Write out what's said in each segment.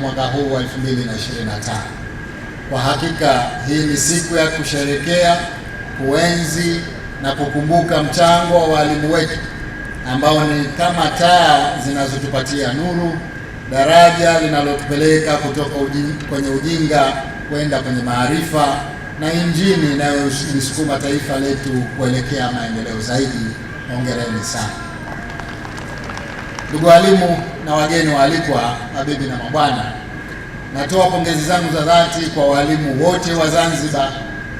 kwa mwaka huu wa 2025. Kwa hakika hii ni siku ya kusherekea, kuenzi na kukumbuka mchango wa walimu wetu ambao ni kama taa zinazotupatia nuru, daraja linalotupeleka kutoka ujinga, kwenye ujinga kwenda kwenye maarifa na injini inayolisukuma taifa letu kuelekea maendeleo zaidi. Hongereni sana ndugu walimu na wageni waalikwa, mabibi na mabwana, natoa pongezi zangu za dhati kwa walimu wote wa Zanzibar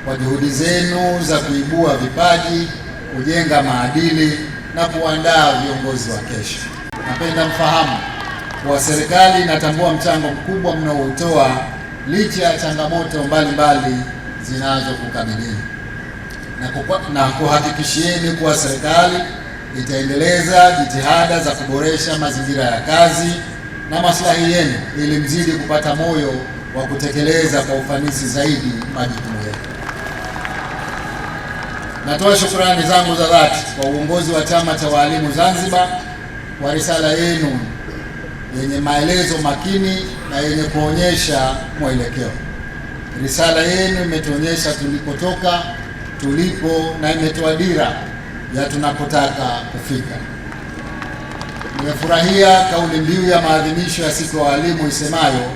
kwa juhudi zenu za kuibua vipaji, kujenga maadili na kuandaa viongozi wa kesho. Napenda mfahamu kuwa serikali inatambua mchango mkubwa mnaoutoa licha ya changamoto mbalimbali zinazokukabili na kuhakikishieni kuwa serikali itaendeleza jitihada za kuboresha mazingira ya kazi na maslahi yenu ili mzidi kupata moyo wa kutekeleza kwa ufanisi zaidi majukumu yetu. Natoa shukrani zangu za dhati kwa uongozi wa Chama cha Walimu Zanzibar kwa risala yenu yenye maelezo makini na yenye kuonyesha mwelekeo. Risala yenu imetuonyesha tulikotoka, tulipo na imetoa dira ya tunapotaka kufika. Nimefurahia kauli mbiu ya maadhimisho ya siku ya walimu isemayo,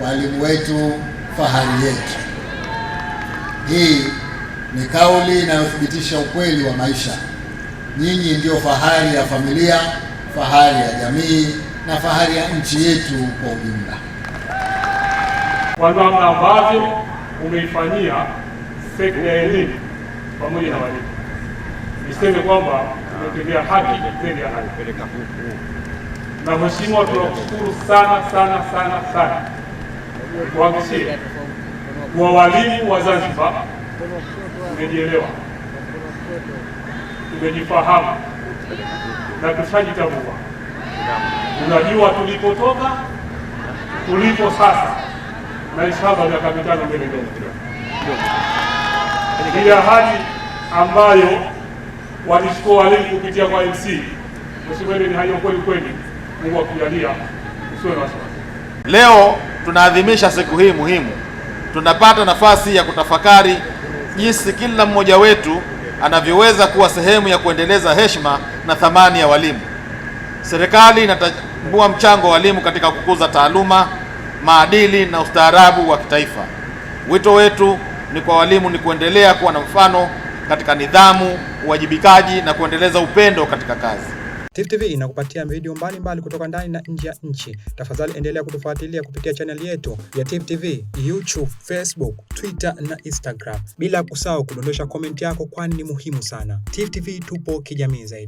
walimu wetu fahari yetu. Hii ni kauli inayothibitisha ukweli wa maisha. Nyinyi ndiyo fahari ya familia, fahari ya jamii na fahari ya nchi yetu kwa ujumla. Kwa namna ambavyo umeifanyia sekta ya elimu pamoja na walimu niseme kwamba tumetendea haki kweli ya haki. Na mheshimiwa, tunakushukuru sana sana sana sana kuhakikishia kwa walimu wa Zanzibar tumejielewa, tumejifahamu na tushajitambua, unajua tulipotoka, tulipo sasa na inshallah miaka mitano mbele mbele, hii ahadi ambayo walichukua walimu kupitia kwa MC. Mheshimiwa, ni hayo kweli kweli. Mungu akujalia usiwe na wasiwasi. Leo tunaadhimisha siku hii muhimu, tunapata nafasi ya kutafakari jinsi kila mmoja wetu anavyoweza kuwa sehemu ya kuendeleza heshima na thamani ya walimu. Serikali inatambua mchango wa walimu katika kukuza taaluma, maadili na ustaarabu wa kitaifa. Wito wetu ni kwa walimu ni kuendelea kuwa na mfano katika nidhamu, uwajibikaji na kuendeleza upendo katika kazi. Tifu TV inakupatia video mbalimbali kutoka ndani na nje ya nchi. Tafadhali endelea kutufuatilia kupitia chaneli yetu ya Tifu TV, YouTube, Facebook, Twitter na Instagram, bila kusahau kudondosha komenti yako, kwani ni muhimu sana. Tifu TV tupo kijamii zaidi.